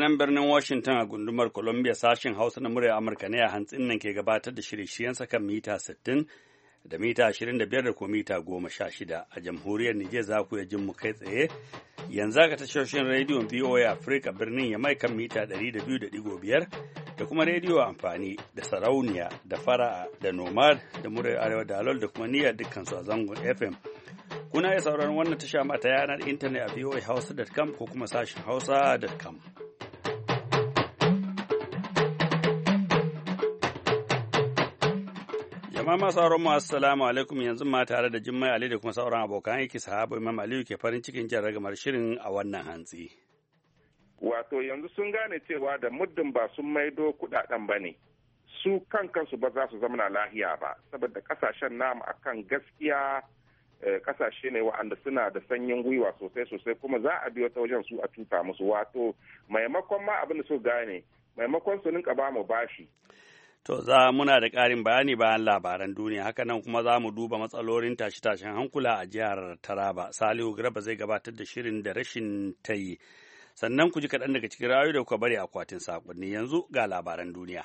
nan birnin Washington a gundumar Columbia sashen Hausa na murya Amurka ne a hantsin nan ke gabatar da shirye-shiryensa kan mita 60 da mita 25 da ko mita 16 a jamhuriyar Nijar za ku yi mu kai tsaye yanzu aka tashoshin rediyon VOA Africa birnin ya mai kan mita 200.5 da kuma rediyo amfani da sarauniya da fara'a da nomad da murya arewa da alol da kuma niyyar dukkan a zangon FM kuna iya sauraron wannan tasha mata yanar intanet a voahausa.com ko kuma sashen hausa.com Jama'a masu auren mu assalamu alaikum yanzu ma tare da jimma'i Ali da kuma sauran abokan aiki sahaba Imam Aliyu ke farin cikin jin ragamar shirin a wannan hantsi. Wato yanzu sun gane cewa da muddin ba sun maido kudaden ba ne. Su kan kansu ba za su zamana lahiya ba saboda kasashen namu akan gaskiya kasashe eh, ne wa'anda suna da sanyin gwiwa sosai sosai kuma za a biyo ta wajen su a tuta musu wato maimakon ma abin da su gane maimakon su ninka ba mu bashi To za muna da ƙarin bayani bayan labaran duniya haka nan kuma za mu duba matsalolin tashe-tashen hankula a jihar Taraba. Salihu Garba zai gabatar da shirin da rashin ta yi. Sannan ku ji kaɗan daga cikin rayu da kuka bari akwatin saƙonni yanzu ga labaran duniya.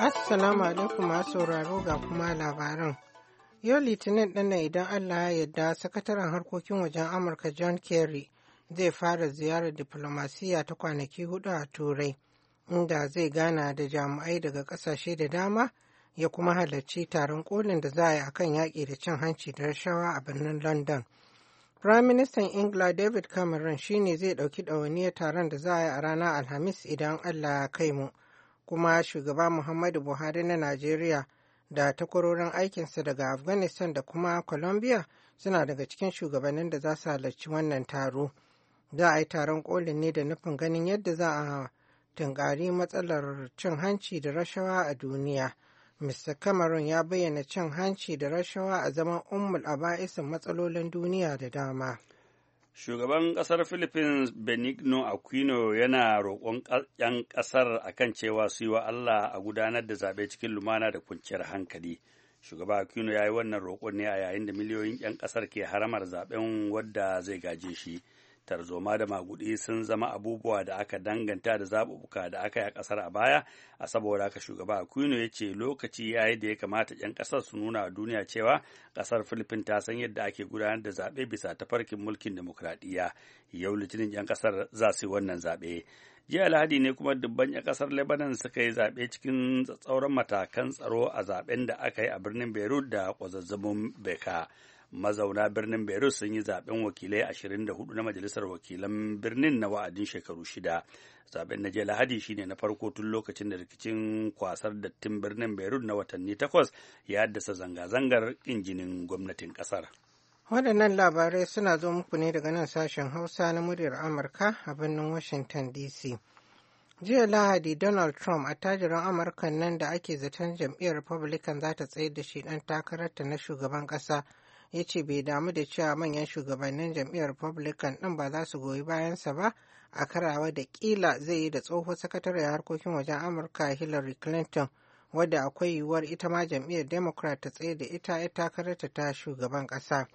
Assalamu alaikum masu sauraro ga kuma labaran. Yau Litinin ɗana idan Allah ya yarda sakataren harkokin wajen Amurka John Kerry zai fara ziyarar diflomasiyya ta kwanaki hudu a turai inda zai gana da jami'ai daga kasashe da dama ya kuma halarci taron kolin da za a yi a kan yaƙi da cin hanci da rashawa a birnin london prime minister ingila david cameron shine zai ɗauki ɗawainiyar taron da za a yi a ranar alhamis idan allah ya kai mu kuma shugaba muhammadu buhari na najeriya da takwarorin aikinsa daga afghanistan da kuma colombia suna daga cikin shugabannin da za su halarci wannan taro za a yi taron kolin ne da nufin ganin yadda za a tunkari matsalar cin hanci da rashawa a duniya mr cameron ya bayyana cin hanci da rashawa a zaman umul ummul aba'isin matsalolin duniya da dama shugaban kasar philippines benigno aquino yana roƙon 'yan ƙasar akan cewa su yi wa allah a gudanar da zaɓe cikin lumana da kwanciyar hankali shugaba aquino ya yi wannan roƙon ne a yayin da miliyoyin 'yan kasar ke haramar zaɓen wadda zai gaje shi tarzoma da magudi sun zama abubuwa da aka danganta da zaɓuɓɓuka da aka yi a ƙasar a baya a saboda haka shugaba aquino ya ce lokaci ya yi da ya kamata 'yan ƙasar su nuna a duniya cewa ƙasar filifin ta san yadda ake gudanar da zaɓe bisa tafarkin mulkin demokuraɗiyya yau litinin 'yan ƙasar za su yi wannan zaɓe jiya alhadi ne kuma dubban 'yan ƙasar lebanon suka yi zaɓe cikin tsauran matakan tsaro a zaɓen da aka yi a birnin beirut da kwazazzabin beka mazauna birnin beirut sun yi zaben wakilai 24 na majalisar wakilan birnin na wa'adin shekaru shida zaben na jela lahadi shine na farko tun lokacin da rikicin kwasar dattin birnin beirut na watanni takwas ya haddasa zanga-zangar injinin gwamnatin kasar waɗannan labarai suna zo muku ne daga nan sashen hausa na muryar amurka a birnin washington dc jiya lahadi donald trump attajirin amurkan nan da ake zaton jam'iyyar republican za ta tsayar da shi ɗan takararta na shugaban ƙasa ya ce bai damu da cewa manyan shugabannin jam'iyyar republican ɗin ba za su goyi bayansa ba a karawa da kila zai yi da tsohon sakatare harkokin wajen amurka hillary clinton wadda akwai yiwuwar ita ma jam'iyyar democrat ta tsaye da ita ya takararta ta shugaban ƙasa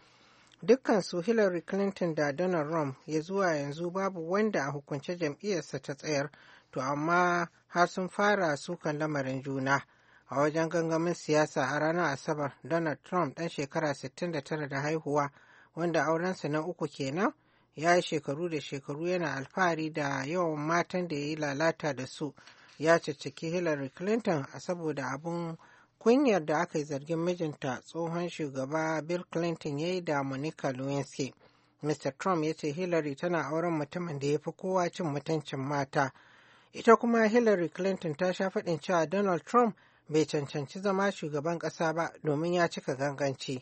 dukkansu hillary clinton da donald trump ya zuwa yanzu babu wanda a hukunce jam'iyyarsa ta tsayar to amma har sun fara sukan lamarin juna. a wajen gangamin siyasa a ranar asabar donald trump ɗan shekara 69 da haihuwa wanda aurensa na uku kenan ya yi shekaru da shekaru yana alfahari da yawan matan da ya yi lalata da su ya cicciki hillary clinton a saboda abun kunyar da aka yi zargin mijinta tsohon shugaba bill clinton ya yi da monica lewinsky mr trump ya ce hillary tana auren mutumin da ya fi kowa cin mutuncin mata ita kuma hillary clinton ta sha faɗin cewa donald trump bai cancanci zama shugaban ƙasa ba domin ya cika ganganci.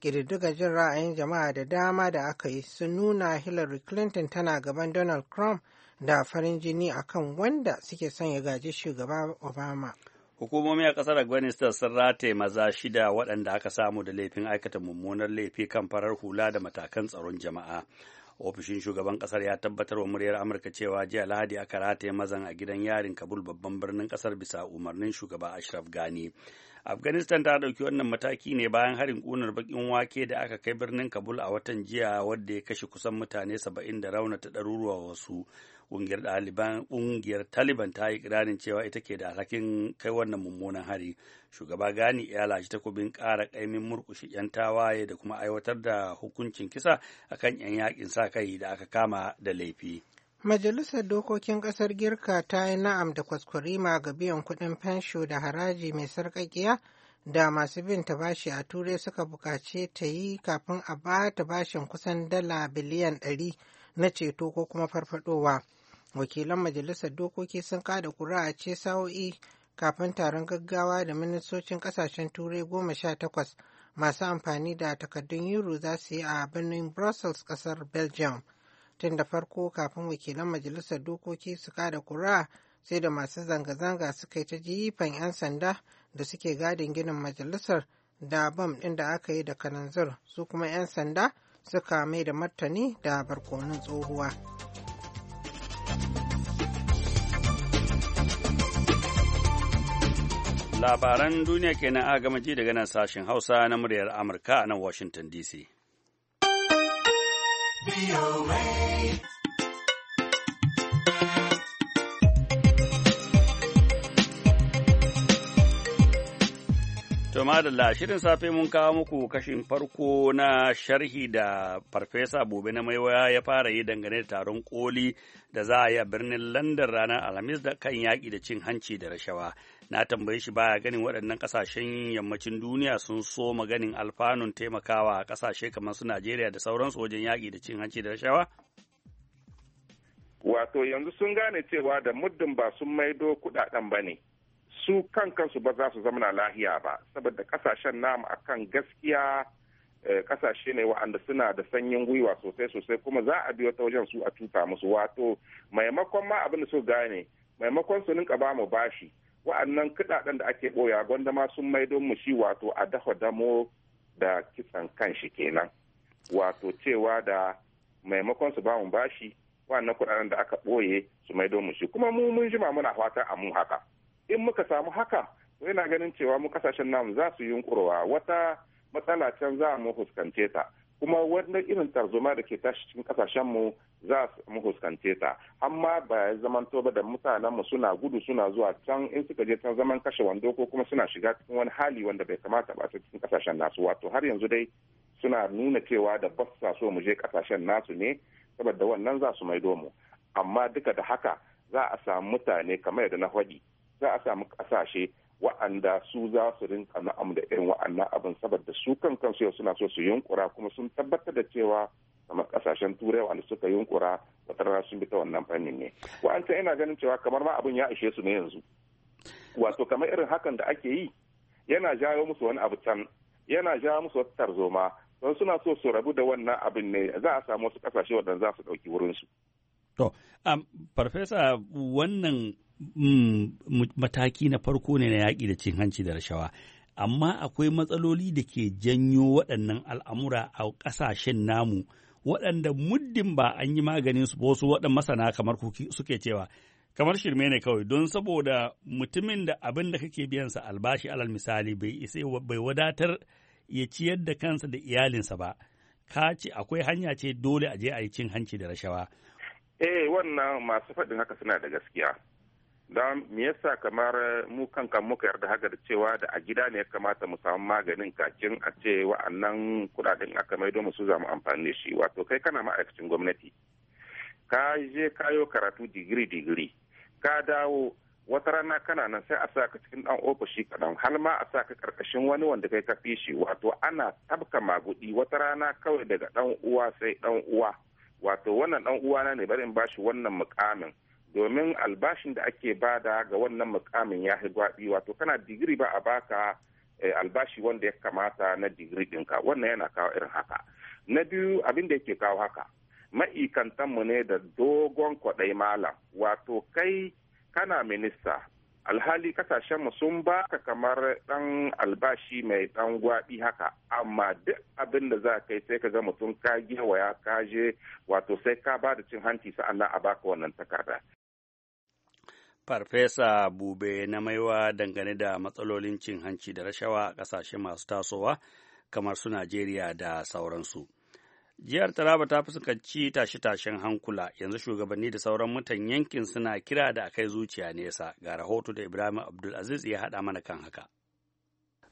Ƙididdigar jin ra'ayin jama'a da dama da aka yi sun nuna Hillary Clinton tana gaban Donald Trump da farin jini akan wanda suke son ya gaji shugaba Obama. Hukumomi a ƙasar Afghanistan sun rataye maza shida waɗanda aka samu da laifin aikata mummunar laifi kan farar hula da matakan tsaron jama'a. ofishin shugaban kasar ya tabbatar wa muryar amurka cewa jiya lahadi aka rataye mazan a gidan yarin kabul babban birnin kasar bisa umarnin shugaba ashraf gani afghanistan ta ɗauki wannan mataki ne bayan harin ƙunar bakin wake da aka kai birnin kabul a watan jiya wadda ya kashe kusan mutane saba'in da raunata ɗaruruwa wasu ƙungiyar taliban ta yi ƙirarin cewa ita ke da alhakin kai wannan mummunan hari shugaba gani ya lashe takobin ƙara ƙaimin murƙushe 'yan tawaye da kuma aiwatar da hukuncin kisa akan 'yan yakin sa kai da aka kama da laifi Majalisar Dokokin Ƙasar Girka ta yi na'am da kwaskwarima ga biyan kuɗin fensho da haraji mai sarƙaƙiya da masu bin ta bashi a Turai suka buƙace ta yi kafin a ba ta bashin kusan dala biliyan ɗari na ceto ko kuma farfadowa. Wakilan Majalisar Dokoki sun kada ƙuri'a ce sa'o'i kafin taron gaggawa da ministocin ƙasashen Turai goma sha takwas masu amfani da takardun euro za su yi a birnin Brussels ƙasar Belgium. tun da farko kafin wakilan majalisar dokoki su kada kura sai da masu zanga-zanga suka yi ta jifan 'yan sanda da suke gadin ginin majalisar da bam ɗin da aka yi da kananzir su kuma 'yan sanda suka mai da martani da barkonin tsohuwa. Labaran duniya kenan a gama ji daga nan sashen Hausa na muryar Amurka a nan Washington DC. To madalla shirin safe mun kawo muku kashin farko na sharhi da Farfesa Bobe na Maiwaya ya fara yi dangane da taron koli da za a yi a birnin Landan, ranar Alhamis da kan yaƙi da cin hanci da rashawa. na tambaye shi baya ganin waɗannan ƙasashen yammacin duniya sun so maganin alfanun taimakawa a ƙasashe kamar su najeriya da sauransu wajen yaƙi da cin hanci da rashawa wato yanzu sun gane cewa da muddin ba sun maido kuɗaɗen ba ne su kan kansu ba za su zama lahiya ba saboda ƙasashen namu akan gaskiya kasashe eh, ne wa'anda suna da sanyin gwiwa sosai sosai kuma za a biyo ta wajen su a tuta musu wato maimakon ma abin da su gane maimakon su ninka ba mu bashi wa'annan kudaden da ake boya gwanda ma sun maido mu shi wato a dafa damo da kitsan shi kenan wato cewa da maimakon su bamu bashi wannan kudaden da aka boye su maido mu shi kuma mu mun jima muna fata a mu haka in muka samu haka to yana ganin cewa mu kasashen namu za su yunkurwa wata matsala can za mu fuskance ta kuma wannan irin tarzoma da ke tashi cikin kasashenmu za mu huskance ta amma ba ya zamanto ba da mutanen mu suna gudu suna zuwa can in suka je can zaman kashe wando ko kuma suna shiga cikin wani hali wanda bai kamata ba cikin kasashen nasu wato har yanzu dai suna nuna cewa da ba sa so mu je kasashen nasu ne saboda wannan za su maido mu amma duka da haka za a samu mutane kamar yadda na hwadi za a samu kasashe wa'anda su za su rinka na'am da irin wa'annan abin saboda su kan kansu yau suna so su yunkura kuma sun tabbatar da cewa kamar kasashen turai wanda suka yunkura wata rana sun bi ta wannan fannin ne wa'anta ina ganin cewa kamar ma abin ya ishe su ne yanzu wato kamar irin hakan da ake yi yana jawo musu wani abu can yana jawo musu wata tarzoma don suna so su rabu da wannan abin ne za a samu wasu kasashe wadanda za su ɗauki wurinsu. su To, um, Farfesa, wannan mm, mataki na farko ne na yaƙi da cin hanci da rashawa. Amma akwai matsaloli da ke janyo waɗannan al'amura a ƙasashen namu, waɗanda muddin ba an yi maganin su wasu waɗannan masana kamar suke cewa, kamar shirme ne kawai don saboda mutumin da abin da kake biyansa albashi alal misali bai bai wadatar ya ciyar da kansa da iyalinsa ba, ka ce akwai hanya ce dole a je a yi cin hanci da rashawa. eh wannan masu faɗin haka suna da gaskiya don me yasa kamar mu kanka muka yarda haka da cewa da a gida ne ya kamata mu samu maganin kakin a ce wa'annan kudaden aka mai don su zamu amfani da shi wato kai kana ma'aikacin gwamnati ka je kayo karatu digiri digiri ka dawo wata rana kana nan sai a sa ka cikin dan ofishi kaɗan har ma a sa ka karkashin wani wanda kai ka fi shi wato ana tabka magudi wata rana kawai daga dan uwa sai dan uwa wato wannan dan uwana ne bari in bashi wannan mukamin domin albashin da ake bada ga wannan mukamin ya gwabi wato kana digiri ba a baka eh, albashi wanda ya kamata na digiri ɗinka wannan yana kawo irin haka na biyu abin da yake kawo haka ma'ikantanmu ne da dogon kwaɗai malam wato kai kana minista alhali mu sun ba ka kamar dan albashi mai dan gwabi haka amma duk abin da za kai sai ka ga mutum ka gewaya ka je wato sai ka ba da cin hanci sa'annan a baka wannan takarda farfesa bube na maiwa dangane da matsalolin cin hanci da rashawa a kasashe masu tasowa kamar su najeriya da sauransu jihar taraba ta fuskanci tashe-tashen hankula yanzu shugabanni da sauran mutan yankin suna kira da akai zuciya nesa ga rahoto da ibrahim abdulaziz ya haɗa mana kan haka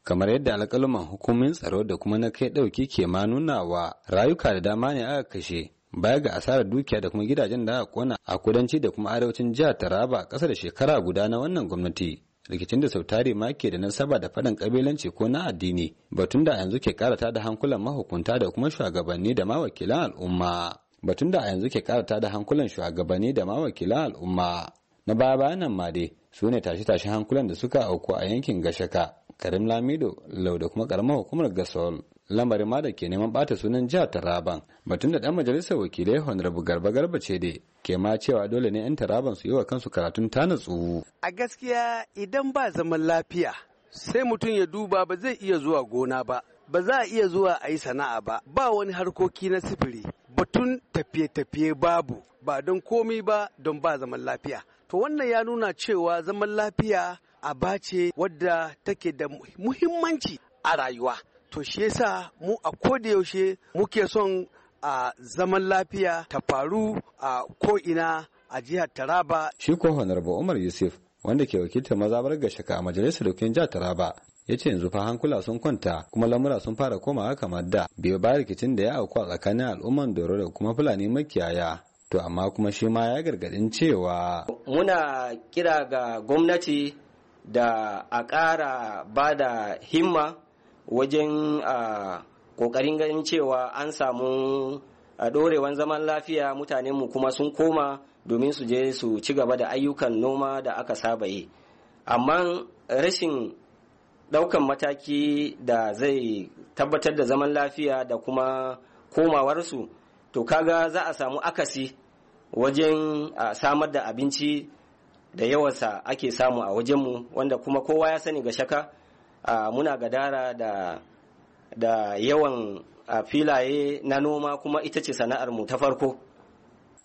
kamar yadda alƙaluman hukumin tsaro da kuma na kai ɗauki ke ma nunawa rayuka da dama ne aka kashe baya ga asarar dukiya da kuma gidajen da aka kona a kudanci da kuma arewacin jihar taraba ƙasa da shekara guda na wannan gwamnati rikicin da sautari ma ke da nasaba da faɗan ƙabilanci ko na addini batun da yanzu ke karata da hankulan mahukunta da kuma shugabanni da mawakilan al'umma batun da yanzu ke karata da hankulan shugabanni da ma al'umma na baya bayanan ma dai su ne tashe-tashen hankulan da suka auku a yankin gashaka karim lamido lau da kuma karamar hukumar gasol lamarin ma da ke neman bata sunan jihar Taraban batun da ɗan majalisar wakilai Honorable Garba Garba ce da ke ma cewa dole ne yan Taraban su yi wa kansu karatun tanatsu a gaskiya idan ba zaman lafiya sai mutum ya duba ba zai iya zuwa gona ba ba za a iya zuwa a yi sana'a ba ba wani harkoki na sifiri batun tafiye-tafiye babu ba don komi ba don ba zaman lafiya to wannan ya nuna cewa zaman lafiya aba ce wadda take da muhimmanci a rayuwa to shi yasa mu a koda yaushe muke son a zaman lafiya ta faru a ko'ina a jihar Taraba. Shi ko Honorable Umar Yusuf wanda ke wakiltar mazabar gashaka a majalisar dokin jihar Taraba ya ce yanzu fa hankula sun kwanta kuma lamura sun fara komawa kamar da bai ba rikicin da ya auku a tsakanin al'umman Doro da kuma Fulani makiyaya. To amma kuma shi ma ya gargadin cewa. Muna kira ga gwamnati da a ƙara ba da himma wajen a kokarin ganin cewa an samu a dorewan zaman lafiya mutanenmu kuma sun koma domin su je su ci gaba da ayyukan noma da aka saba yi amma rashin daukan mataki da zai tabbatar da zaman lafiya da kuma komawarsu to kaga za a samu akasi wajen a samar da abinci da yawansa ake samu a wajenmu wanda kuma kowa ya sani ga shaka muna gadara da da yawan filaye na noma kuma ita ce sana'ar mu ta farko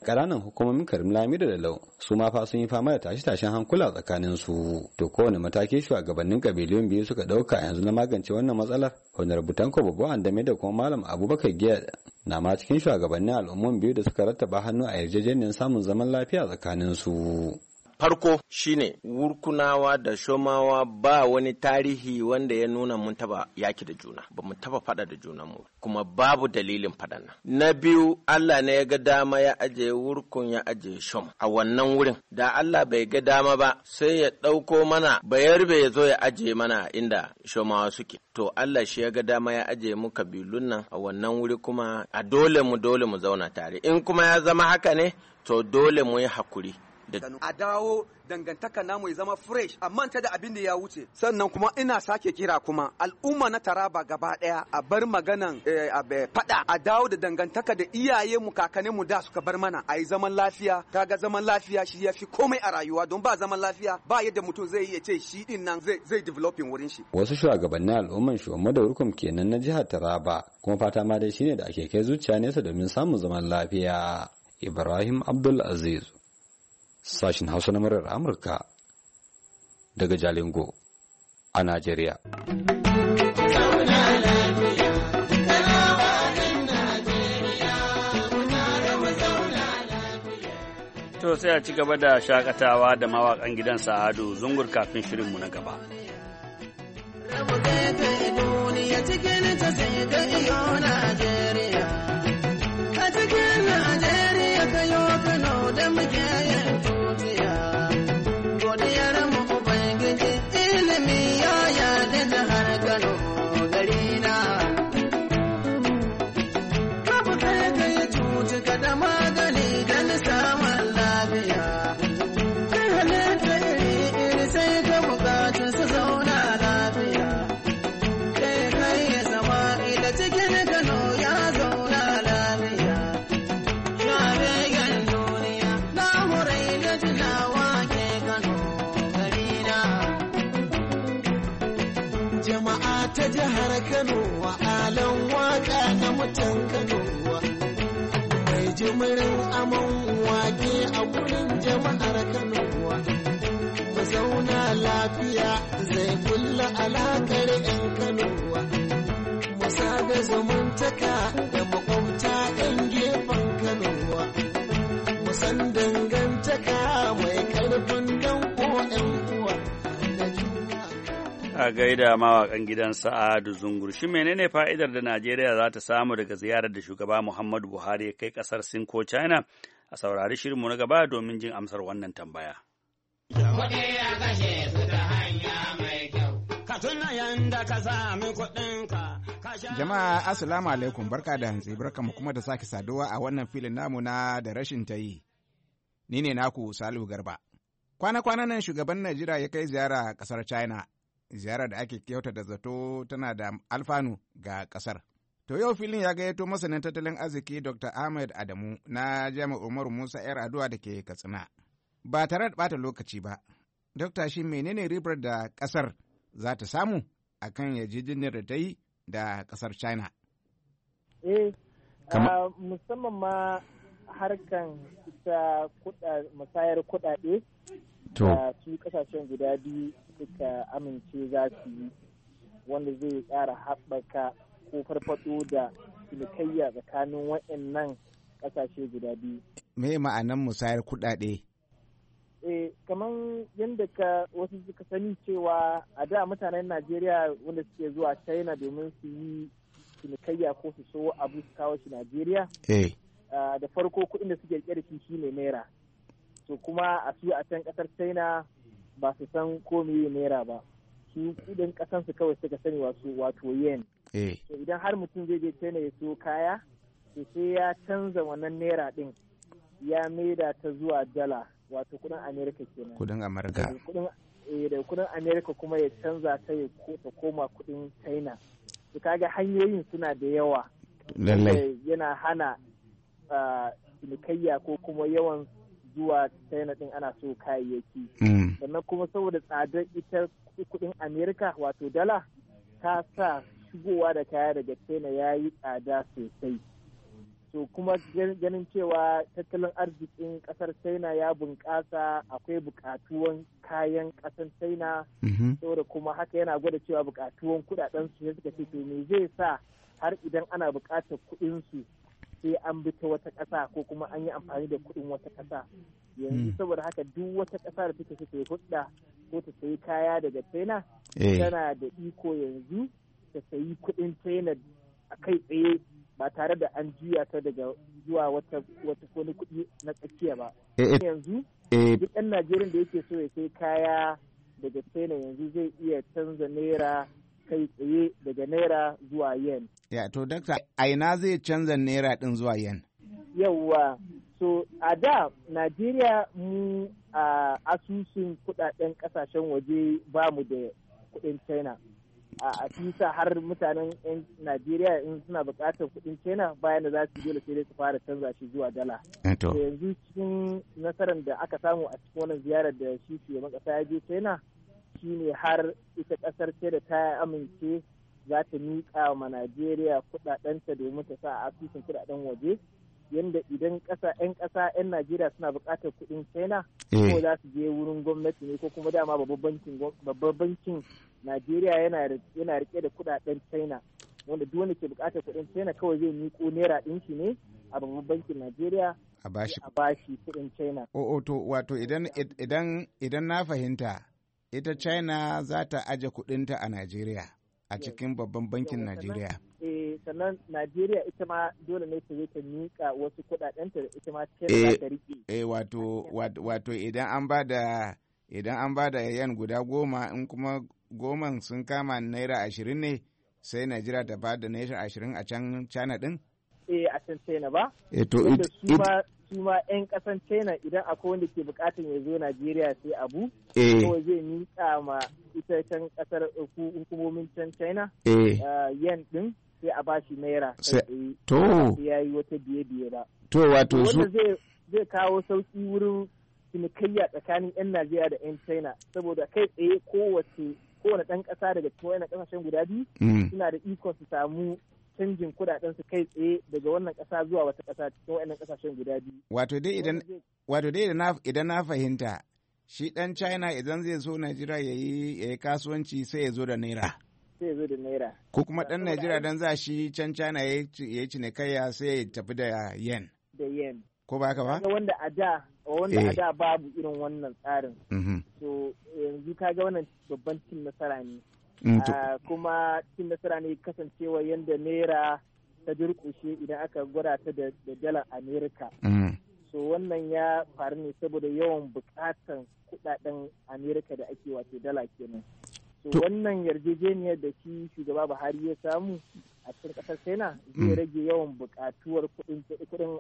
ƙananan hukumomin karim Lamidu da lau su ma fa sun yi fama da tashe-tashen hankula tsakanin su to kowane mataki shugabannin kabilun biyu suka ɗauka yanzu na magance wannan matsalar honar butanko babu andame da kuma malam abubakar giya na ma cikin shugabannin al'umman biyu da suka rattaba hannu a yarjejeniyar samun zaman lafiya tsakanin su farko shine wurkunawa da shomawa ba wani tarihi wanda ya nuna mun taba yaki da juna ba mu taba fada da juna mu kuma babu dalilin fadan nan na biyu Allah ne ya ga dama ya aje wurkun ya aje shom a wannan wurin da Allah bai ga dama ba sai ya ɗauko mana bayar ya zo ya aje mana inda shomawa suke to Allah shi ya ga dama ya aje mu kabilun nan a wannan wuri kuma a dole mu dole mu zauna tare in kuma ya zama haka ne to dole mu yi hakuri a dawo dangantaka namu ya zama fresh a manta da abin da ya wuce sannan kuma ina sake kira kuma al'umma na taraba gaba daya a bar maganan eh, eh, fada a dawo da dangantaka da iyaye mu kakane mu da suka bar mana a yi zaman lafiya kaga zaman lafiya shi ya fi komai a rayuwa don ba zaman lafiya ba yadda mutum zai ya ce shi din nan zai zai developing wurin shi wasu shugabannin al'umman shugaban da rukum kenan na jihar taraba kuma fata ma dai shine da ake kai zuciya nesa domin samun zaman lafiya ibrahim abdul aziz Sashen hausa na murar amurka daga jalingo a najeriya to sai a ci gaba da shakatawa da mawakan gidan sa'adu zungur kafin shirinmu na gaba duniya cikin ta sai ga iyo lafiya zai kulla alakar 'yan kanuwa musa da zamantaka da makwabta 'yan gefen kano musan dangantaka mai karfin danko 'yan uwa a gaida mawaƙan gidan sa'adu zungur shi menene fa'idar da najeriya za ta samu daga ziyarar da shugaba muhammadu buhari kai ƙasar sin ko china a saurari shirinmu na gaba domin jin amsar wannan tambaya. Kuɗi a kashe su Ka alaikum barka da hantsi barkamu kuma da sake saduwa a wannan filin namu na da rashin ta yi. Ni ne naku Salihu Garba. Kwana-kwanan nan shugaban Najeriya ya kai ziyara a kasar China, ziyarar da ake kyauta da zato tana da alfanu ga kasar. To yau filin ya gayyato masanin tattalin arziki Dr. Ahmed Adamu na Jami'ar Umaru Musa 'yar Aduwa da ke Katsina. ba tare da bata lokaci ba. Dokta shi menene ribar da ƙasar za ta samu a kan yarjejeniyar da ta yi da ƙasar China? Eh, ah, musamman ma harkan ta musayar kuɗaɗe da su ƙasashen guda biyu suka amince za su yi wanda zai ƙara haɓaka ko farfaɗo da cinikayya tsakanin waɗannan ƙasashe guda biyu. Me ma'anan musayar kuɗaɗe? eh kamar yadda ka wasu suka sani cewa a da mutanen najeriya wanda suke zuwa china domin su yi cinikayya ko su so abu su kawo shi najeriya eh. da farko kuɗin da suke rike da shi shine naira to kuma a su a can ƙasar china ba su san ko meye naira ba su kuɗin su kawai suka sani wato yen eh. to idan har mutum zai je china ya so kaya to sai ya canza wannan naira ɗin ya maida ta zuwa dala wato kudin america kenan kudin america eh, eh, da kudin america kuma ya canza ta ya koma kudin china su kaga hanyoyin suna da yawa lallai eh, yana hana ah, cinikayya ko kuma yawan zuwa china din ana so kayayyaki mm. sannan kuma saboda tsadar ita kudin america wato dala ta sa shigowa da kaya daga china ya yi tsada sosai so kuma ganin cewa tattalin arzikin kasar china ya bunƙasa akwai buƙatuwan kayan ƙasar china mm-hmm. saboda kuma haka yana gwada cewa bukatuwan kudaden su suka ce to me zai sa har idan ana buƙatar kuɗin su sai an bi ta wata ƙasa ko kuma an yi amfani da kuɗin wata ƙasa yanzu mm. saboda haka duk wata ƙasa da take ta hudda ko ta sayi kaya daga china eh. tana da iko yanzu ta sayi kuɗin china a kai tsaye ba tare da an juya ta daga zuwa wata wata wani kuɗi na tsakiya ba eh, eh. yanzu eh. duk ɗan najeriya da yake so ya kai kaya daga china yanzu zai iya canza naira kai tsaye daga naira zuwa yen ya to dakta a ina zai canza naira ɗin zuwa yen yawwa so a da najeriya mu a asusun kuɗaɗen ƙasashen waje ba mu da kuɗin china a fisa har mutanen yan najeriya in suna buƙatar kuɗin china bayan da za su dole sai dai su fara canza shi zuwa dala eh, yanzu cikin nasarar da aka samu a cikin wannan ziyarar da shi ke ya je shi ne har ita ƙasar ce da ta amince za ta miƙa ma najeriya kuɗaɗenta domin ta sa a asusun kuɗaɗen waje yadda idan ƙasa 'yan ƙasa 'yan Najeriya suna buƙatar kuɗin China eh. ko za su je wurin gwamnati ne ko kuma dama babban bankin Najeriya yana rike da kuɗaɗen China wanda duk wanda ke buƙatar kuɗin China kawai zai miƙo naira ɗin shi ne a babban bankin Najeriya a bashi kuɗin China. O, wato idan idan idan na fahimta ita China za ta aje kuɗinta a Najeriya. a cikin babban bankin Najeriya. Eh sannan Najeriya ita ma dole ne ta ta nika wasu kuɗaɗenta ita ma eh, ta riƙe. Eh wato wato idan an ba da idan an ba da yan guda goma in kuma goman sun kama naira ashirin ne sai Najeriya ta ba da naira ashirin a can China din. Eh a can China ba. Eh to shi ma 'yan kasan china idan akwai wanda ke bukatar ya zo najeriya sai abu eh. ko zai nika ma ita can kasar eh, hukumomin can china eh. yan din sai a ba shi naira to ya yi wata biye biye ba to wato su zai kawo sauki wurin cinikayya tsakanin 'yan najeriya da 'yan china saboda kai tsaye kowace kowane ɗan ƙasa daga cikin kasashen guda biyu mm. suna da ikon su samu canjin kudaden su kai tsaye daga wannan kasa zuwa wata kasa cikin wannan kasashen guda biyu wato dai idan wato dai idan na fahimta shi dan China idan zai so Najeriya yayi yayi kasuwanci sai ya zo da naira sai ya zo da naira ko kuma dan Najeriya dan za shi can China ya yi cinikayya sai ya tafi da yen da yen ko ba haka ba wanda a da wanda a eh. da babu irin wannan tsarin mhm. so yanzu kaga wannan babban cin nasara ne Mm, ah, kuma cin nasara ne kasancewa yadda naira ta durƙushe idan aka gwada ta da dalar amerika mm. so wannan ya faru ne saboda yawan bukatan kudaden amerika da ake wato dala kenan to wannan yarjejeniyar da shi shugaba buhari ya samu a cikin kasar china zai hmm. rage yawan bukatuwar kudin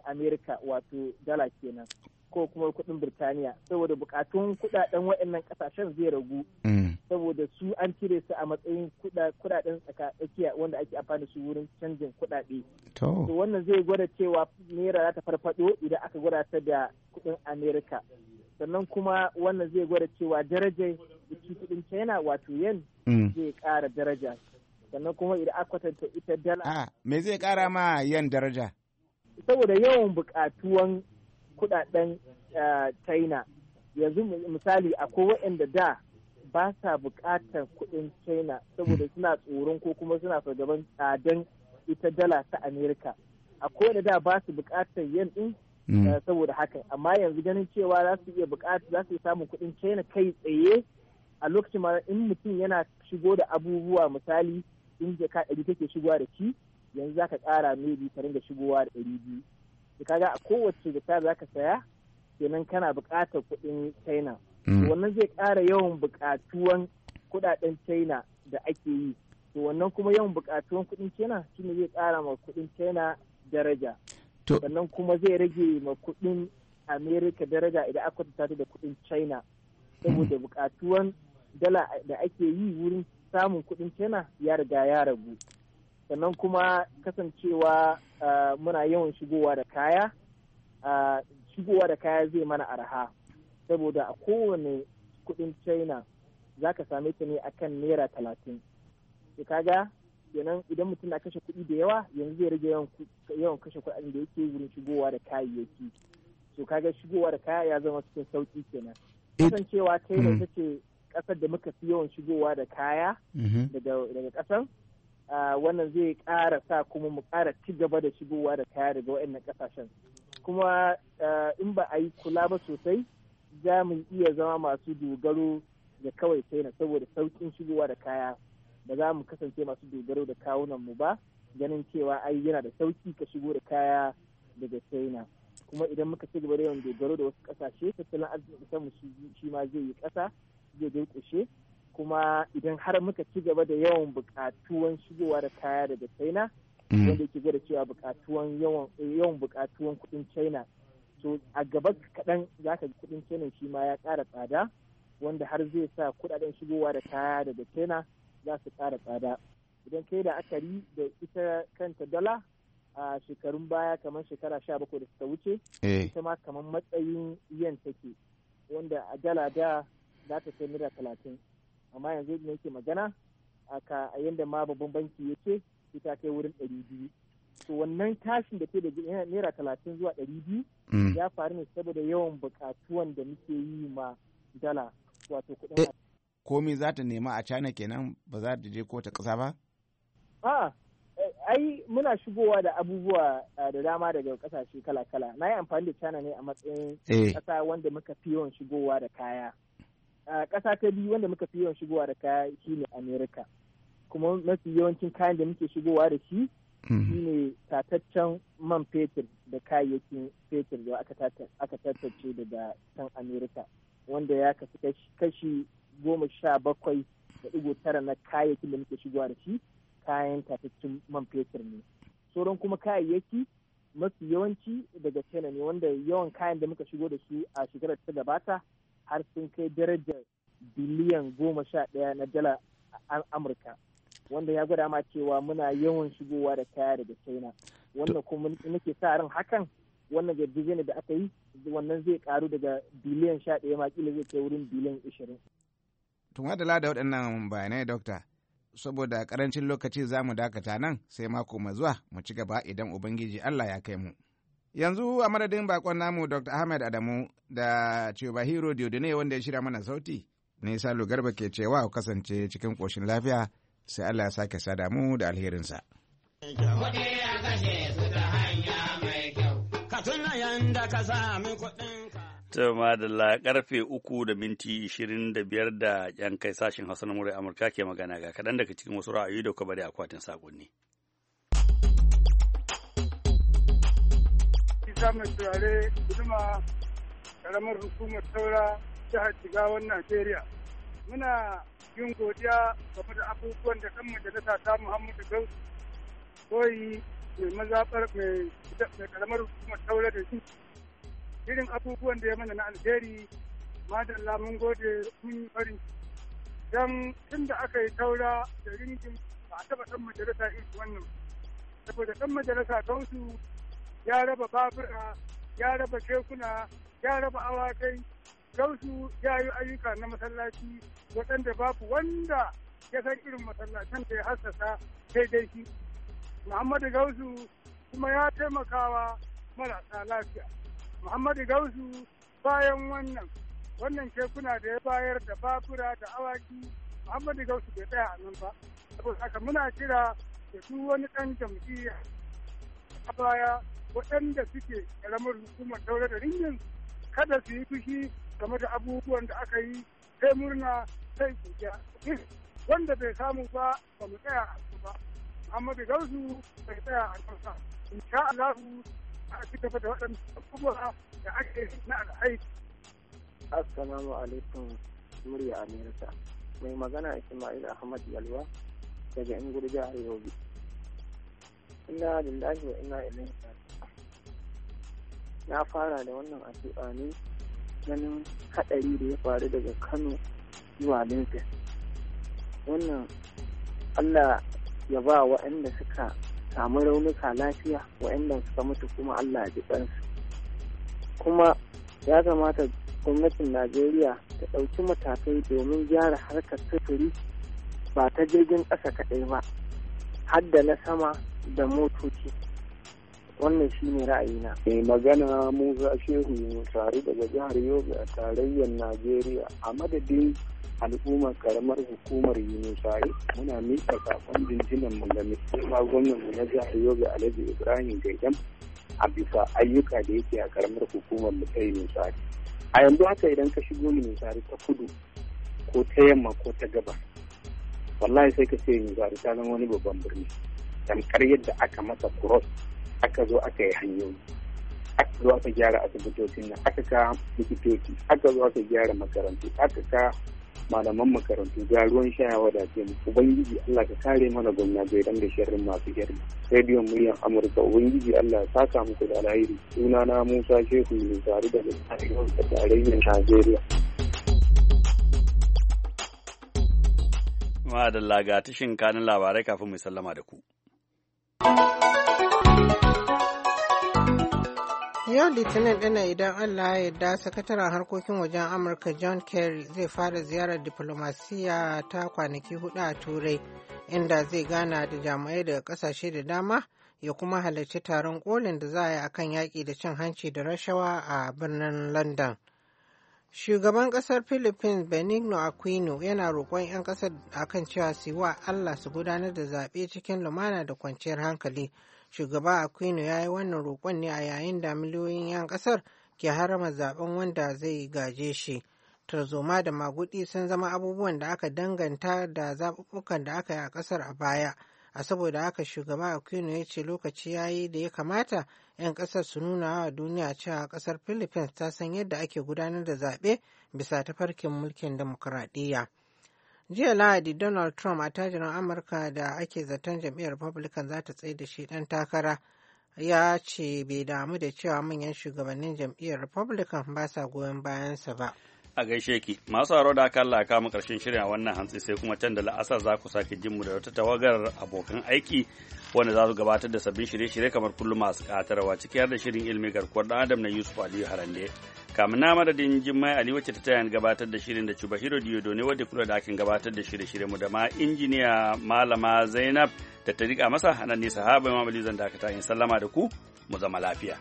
amerika wato dala kenan ko kuma kuɗin birtaniya saboda bukatun kudaden waɗannan ƙasashen zai ragu hmm. saboda su an cire su a matsayin kudaden tsakiya wanda ake amfani su wurin canjin kudade to wannan zai gwada cewa naira za ta farfado idan aka gwada ta da kuɗin amerika sannan kuma wannan zai gwada cewa darajar jiki kudin china wato yan mm. zai kara daraja sannan kuma idan aka kwatanta ita dala ah, me zai kara ma yen daraja saboda yawan bukatuwan kudaden eh, china yanzu misali akwai waɗanda da ba sa bukatar kudin china saboda suna tsoron ko kuma suna fargaban tsadan ita dala ta amerika akwai da da ba su bukatar yen din Mm. Eh, saboda haka amma yanzu ganin cewa za su iya bukatu za su samun kuɗin china kai tsaye a lokacin ma in mutum yana shigo da abubuwa misali in jaka ɗari take shigowa da shi yanzu za ka ƙara maybe ta ringa shigowa da ɗari biyu ga a kowace da ta za ka saya kenan kana buƙatar kuɗin china mm. wannan zai kara yawan buƙatuwan kuɗaɗen china da ake yi to wannan kuma yawan buƙatuwan kuɗin china shine zai kara ma kuɗin china daraja sannan kuma zai rage ma kuɗin america daraja idan aka ta da kuɗin china saboda bukatuwan dala da ake yi wurin samun kuɗin china ya riga ya ragu sannan kuma kasancewa muna yawan shigowa da kaya shigowa da kaya zai mana arha saboda a kowane kuɗin china za ka same ta ne akan naira talatin ka ga kenan idan mutum na kashe kuɗi da yawa yanzu zai rage yawan kashe kuɗin da yake wurin shigowa da kayayyaki so kaga shigowa da kaya ya zama cikin sauki kenan kasancewa ta yi mm-hmm. ta ce ƙasar da muka fi yawan shigowa da kaya mm-hmm. daga ƙasan wannan zai ƙara sa kuma mu ƙara ci gaba da shigowa da kaya daga waɗannan ƙasashen kuma in ba a yi kula ba sosai za mu iya zama masu dogaro da kawai sai na saboda sauƙin shigowa da kaya ba za mu kasance masu dogaro da kawunan mu ba ganin cewa ai yana da sauki ka shigo da kaya daga china kuma idan muka ci gaba da yawan dogaro da wasu kasashe tattalin arzikin ƙasar mu shi ma zai yi kasa zai durƙushe kuma idan har muka ci gaba da yawan buƙatuwan shigowa da kaya daga china mm. wanda ke gada cewa buƙatuwan yawan buƙatuwan kuɗin china to a gaba kaɗan za ka kuɗin china shi ma ya kara tsada wanda har zai sa kuɗaɗen shigowa da kaya daga china za su ƙara tsada idan kai la'akari da ita kanta dala a shekarun baya kamar shekara sha bakwai da suka wuce eh. ita ma kamar matsayin yan take wanda a dala da za ta kai naira talatin amma yanzu da yake magana a yadda ma babban banki ya ce ita kai wurin ɗari biyu to wannan tashin da ke da naira talatin zuwa ɗari biyu mm. ya faru ne saboda yawan buƙatuwan da muke yi ma dala wato kuɗin eh. komi za ta nema a China kenan ba za ta je kota ƙasa ba? ha ai muna shigowa da abubuwa eh, da dama daga ƙasashe kala-kala. Na yi amfani da China ne a matsayin eh. ƙasa wanda muka fi yawan shigowa da kaya. Ƙasa ta biyu wanda muka fi yawan shigowa da kaya shine Amerika. Kuma mafi yawancin kayan da muke shigowa da shi mhm. shine tataccen man fetur da kayayyakin fetur da aka tattace daga can Amerika. Wanda ya kashi goma sha bakwai da ɗigo tara na kayayyakin da muke shigowa da shi kayan tatattun man fetur ne sauran kuma kayayyaki mafi yawanci daga china ne wanda yawan kayan da muka shigo da su a shekarar ta gabata har sun kai darajar biliyan goma sha ɗaya na dala amurka wanda ya gwada ma cewa muna yawan shigowa da kaya daga china wannan kuma nake sa ran hakan wannan yarjejeniyar da aka yi wannan zai karu daga biliyan sha ɗaya ma kila zai kai wurin biliyan ishirin tun adala da waɗannan bayanai dokta saboda karancin lokaci za mu dakata nan sai mako mai zuwa mu ci gaba idan ubangiji allah ya kai mu yanzu a madadin bakon namu dr ahmed adamu da cibahiro Diodine wanda ya shirya mana sauti nisa lugarba ke cewa ku kasance cikin koshin lafiya sai allah ya sake sada mu da alherinsa Kuɗi kashe ka tuna yanda ka sami kuɗinka. Tuma da karfe uku da minti ishirin da biyar da yan kai sashen Hausa na Amurka ke magana ga kaɗan daga cikin wasu ra'ayi da kuma bari akwatin saƙonni. Isa mai turare guduma ƙaramar hukumar saura jihar Jigawan Najeriya. Muna yin godiya game da abubuwan da kan majalisa ta Muhammadu ko koyi mai mazaɓar mai ƙaramar hukumar saura da shi irin abubuwan da ya mana na alheri madalla mun gode mun farin dan tun da aka yi taura da ringin ba a taɓa ɗan majalisa irin wannan saboda ɗan majalisa kansu ya raba babura ya raba kekuna ya raba awakai gausu ya yi ayyuka na masallaci waɗanda babu wanda ya san irin masallacin da ya hassasa sai dai shi muhammadu gausu kuma ya taimakawa marasa lafiya Muhammadu Gausu bayan wannan wannan kekuna da ya bayar da babura da awaki Muhammadu Gausu bai tsaya a nan ba. Saboda haka muna kira da su wani ɗan jam'iyya a baya waɗanda suke ƙaramar hukumar daura da ringin kada su yi fushi game da abubuwan da aka yi sai murna sai kuka. Wanda bai samu ba ba mu tsaya a ba. Muhammadu Gausu bai tsaya a kansa. In sha Allahu a cika gaba da waɗannan abubuwa da ake na alhaji. Assalamu alaikum murya Mai magana Ismail Ahmad Yalwa daga Inguri a Yobe. Ina lillahi wa ina ilaihi Na fara da wannan addu'a ne ganin haɗari da ya faru daga Kano zuwa Lincoln. Wannan Allah ya ba waɗanda suka samu raunuka lafiya waɗanda suka mutu kuma Allah ji ɗansu kuma ya kamata gwamnatin Najeriya ta ɗauki matakai domin gyara harkar sufuri ba ta jirgin ƙasa kaɗai ba har da na sama da motoci wannan shi ne ra'ayina. Mai magana Musa Shehu tare daga jihar Yobe a tarayyar Najeriya a madadin al'ummar karamar hukumar yunusari muna mika sakon jinjinan mu da musulma gwamnan mu na jihar yobe alhaji ibrahim gaidam a bisa ayyuka da yake a karamar hukumar mu ta yunusari a yanzu haka idan ka shigo yunusari ta kudu ko ta yamma ko ta gabas wallahi sai ka ce yunusari ta zama wani babban birni tamkar yadda aka masa cross aka zo aka yi hanyoyi aka zo aka gyara asibitocin nan aka ka likitoci aka zo aka gyara makarantu aka ka malaman makarantu ga ruwan sha ya wadace mu ubangiji Allah ka kare mana gwamnati dan da sharrin masu sharri rediyon muryar Amurka ubangiji Allah ya saka muku da alheri na Musa Shehu ne tare da tarayyar Najeriya Madalla ga tashin kanin labarai kafin mu sallama da ku. Yau Litinin ɗina idan Allah ya yarda sakataren harkokin wajen Amurka John Kerry zai fara ziyarar diplomasiya ta kwanaki hudu a Turai inda zai gana da jami'ai daga ƙasashe da dama ya kuma halarci taron kolin da za a yi akan yaƙi da cin hanci da rashawa a birnin London. Shugaban kasar Philippines Benigno Aquino yana roƙon 'yan ƙasar akan cewa su wa Allah su gudanar da zaɓe cikin lumana da kwanciyar hankali. Shugaba Aquino ya yi wannan roƙon ne a yayin da miliyoyin 'yan ƙasar ke harama zaben wanda zai gaje shi. Tarzoma da magudi sun zama abubuwan da aka danganta da zaɓuɓɓukan da aka yi a ƙasar a baya. a saboda haka shugaba aquino ya ce lokaci ya yi da ya kamata 'yan kasar su nuna wa duniya cewa ƙasar philippines ta san yadda ake gudanar da zaɓe bisa tafarkin mulkin demokuraɗiyya. jiya lahadi donald trump a tajirin amurka da ake zaton jam'iyyar republican za ta tsaye da shi dan takara ya ce bai damu da cewa manyan shugabannin jam'iyyar republican ba sa goyon bayansa ba a gaishe ki masu haro da kalla a mu karshen shirin a wannan hantsi sai kuma can da la'asar za ku sake jin mu da wata tawagar abokan aiki wanda za su gabatar da sabbin shirye-shirye kamar kullum masu katarwa ciki har da shirin ilmi garkuwar dan adam na Yusuf Aliyu Harande kamun na madadin Jummai Ali wacce ta taya gabatar da shirin da Chubahiro Diodo ne wadda kula da akin gabatar da shirye-shirye mu da ma injiniya malama Zainab da ta rika masa anan ne sahaba mamali zan dakata yin sallama da ku mu zama lafiya